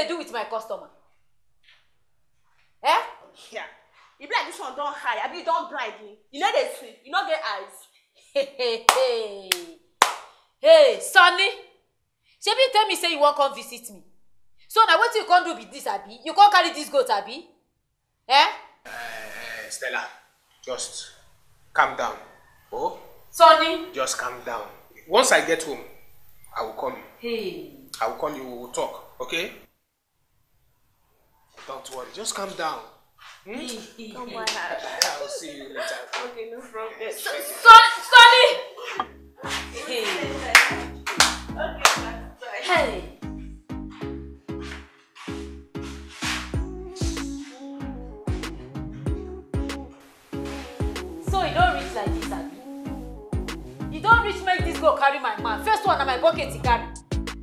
they do with my customer? Eh? Yeah. You be like dis one don't high I be don't blind me you know they see you no get eyes. hey hey hey She be tell me say you won't come visit me so now what you come do with this? Abby, you come carry this goat Abby? eh. Uh, stella just calm down oh. sonny. just calm down once i get home i will call you. hey. i will call you we will talk okay. Don't worry, just calm down. Hmm? Don't worry. I'll see you later. Okay, no problem. So, so, Sonny! Hey. So e don reach like this, abi? E don reach make this go carry my man. First one na my bucket e carry.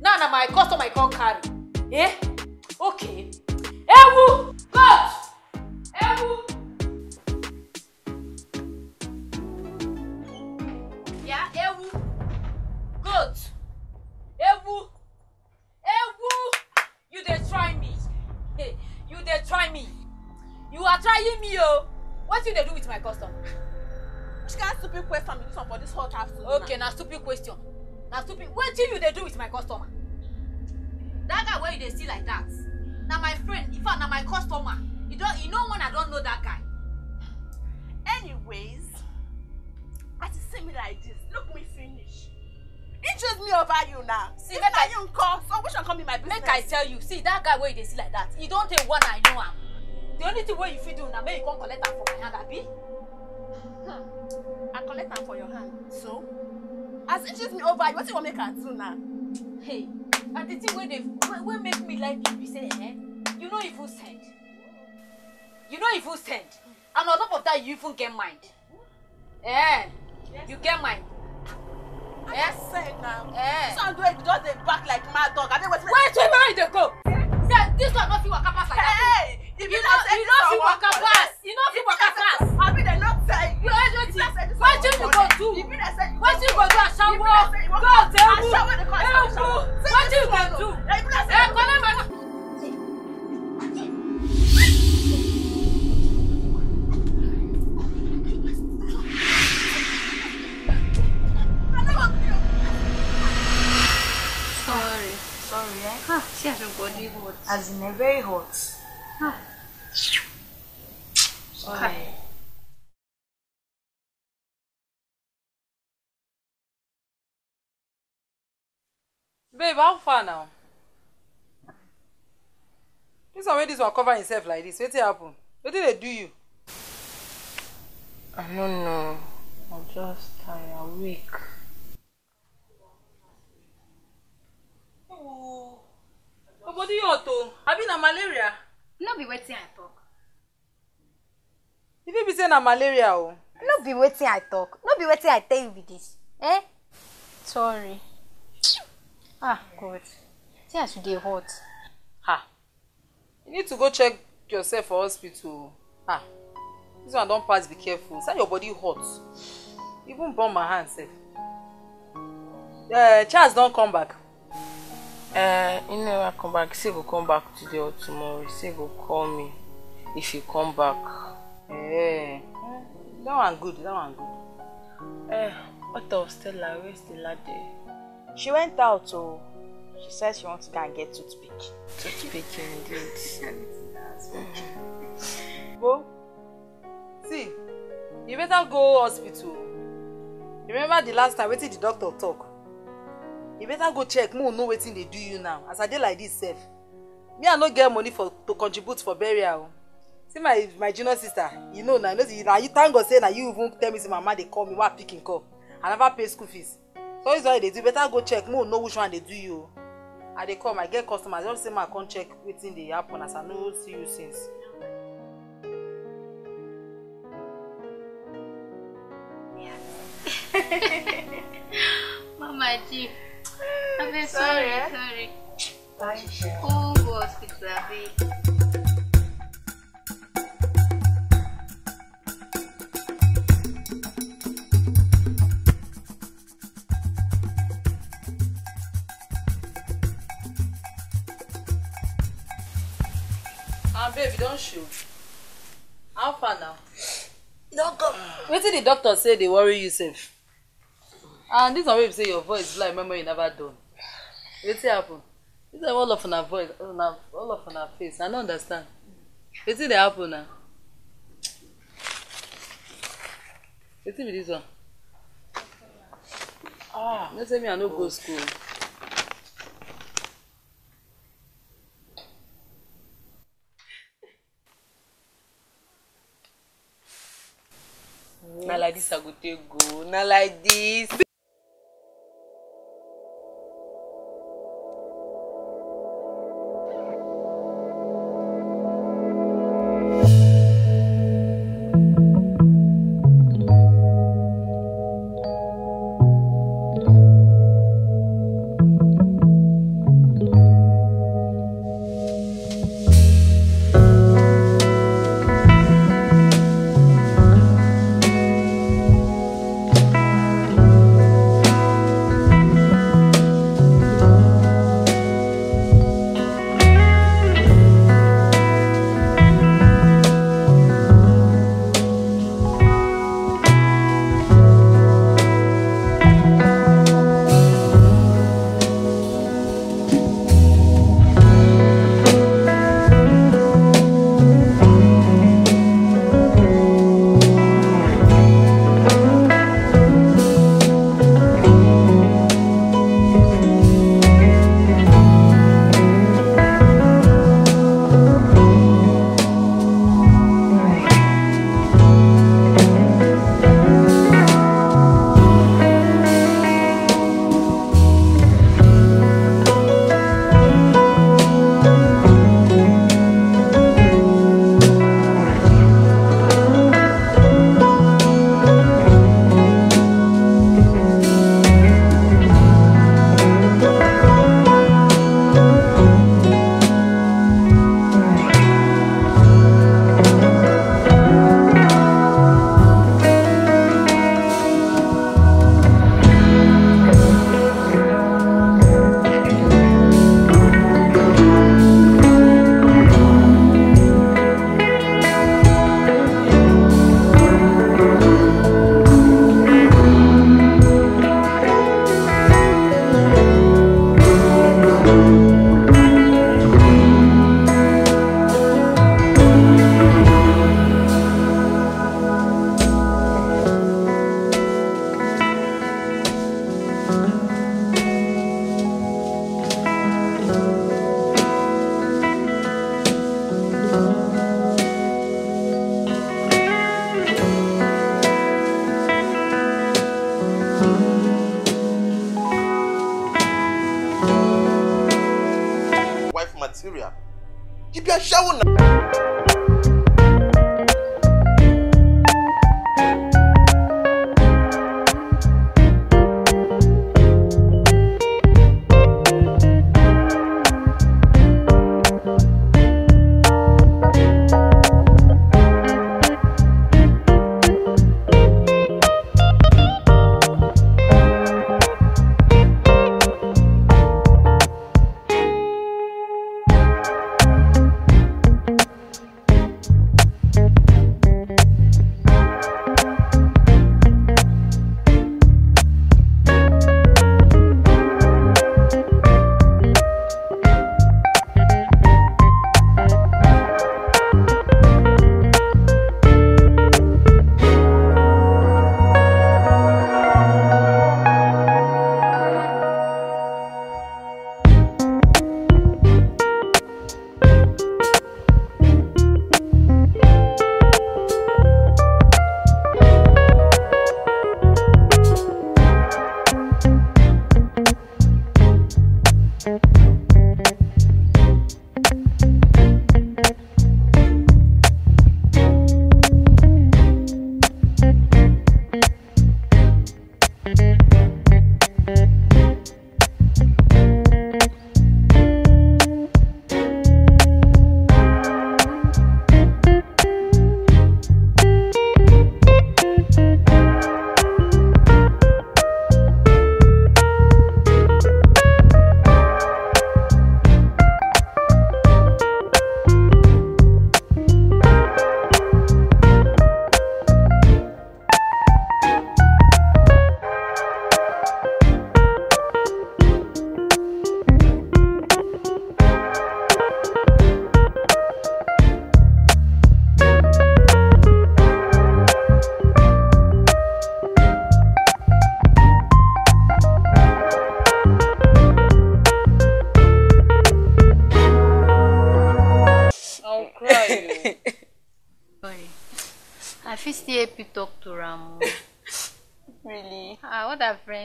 Now na my customer I can't carry. Eh? Okay ewu coach ewu. ya ewu goat ewu ewu you dey try me hey, you dey try me you are trying me o oh. wetin you dey do with my custom. which kind of stupid question be this one for this hot afternoon. okay na stupid question na stupid wetin you dey do with my customer. that guy wey you dey see like that Now my friend, in fact, now my customer. You don't you know when I don't know that guy. Anyways, I you see me like this, look me finish. He chose me over you now. See, if I you call, so which one come in my business? Make I tell you, see that guy where they see like that. You don't tell one I know him. The only thing where you feel do now, make you come collect that for my hand, Abby. Hmm. I collect that for your hand. So, as he chose me over you, what you want make I do now? Hey. and the thing wey dey wey make me like you be say eh you no even send you no even send and on top of that you even get mind eh you get mind. I eh? send now. Eh? This one do it just dey back like mad dog. I dey wait. Wait, Where where you dey go? Yeah, this one no fit waka pass like that. Hey, if you no you no fit waka pass, you no fit waka pass. Abi dey no tell you. You always wait. Wetin you go do? Wetin you go do asawo? babe how far now dis one wey dis one cover himself like dis wetin happen wetin dey do you i no know i'm just tired weak obodo oh. you hot o i be na malaria no be wetin i talk e fit be say na malaria o. no be wetin i talk no be wetin i tell you be dis eh. sorry ah god see as you dey hot. ah you need to go check yourself for hospital ah this one don pass be careful say your body hot even burn my hand sef uh, charles don come back. Uh, eh, he never come back he say he go come back today or tomorrow he say he go call me if he come back. Eh, that one good, that one good. Eh, what of Stella? Where is Stella there? She went out, oh. She says she wants to go and get toothpick. Toothpick indeed. Well, see, you better go hospital. Remember the last time, wetin the doctor talk? You better go check, mo know waiting they do you now. As I dey like this safe. Me, I no get money for to contribute for burial see my my junior sister you know now. you know you thank god say na you even tell me say mama they call me wa picking come i never pay school fees so this is why they do better go check More know which one they do you o i dey come i get customers Don't say my come check within the happen as i no see you since. mama ji I'm been sorry sorry, eh? sorry. oh god it's abi. you show how far now doctor wetin the doctor say they worry you safe. and this one wey say your voice blind memory never done wetin happen this one all of her voice all of her face i don't understand wetin dey happen na wetin be this one ah let's say me i no go school. nala dis akote go nala dis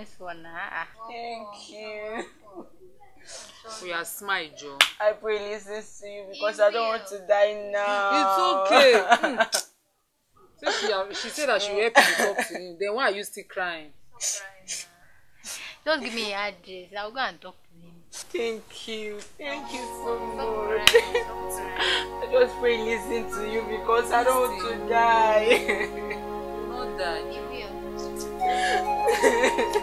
nice one. Ah. Thank you. We are smile, Joe. I pray listen to you because I don't want to die oh. now. It's okay. mm. Since she, she said that she will help you talk to him, then why are you still crying? Just give me your address. I'll go and talk to him. Thank you. Thank you so much. I just pray listen to you because I don't want to die. Not die.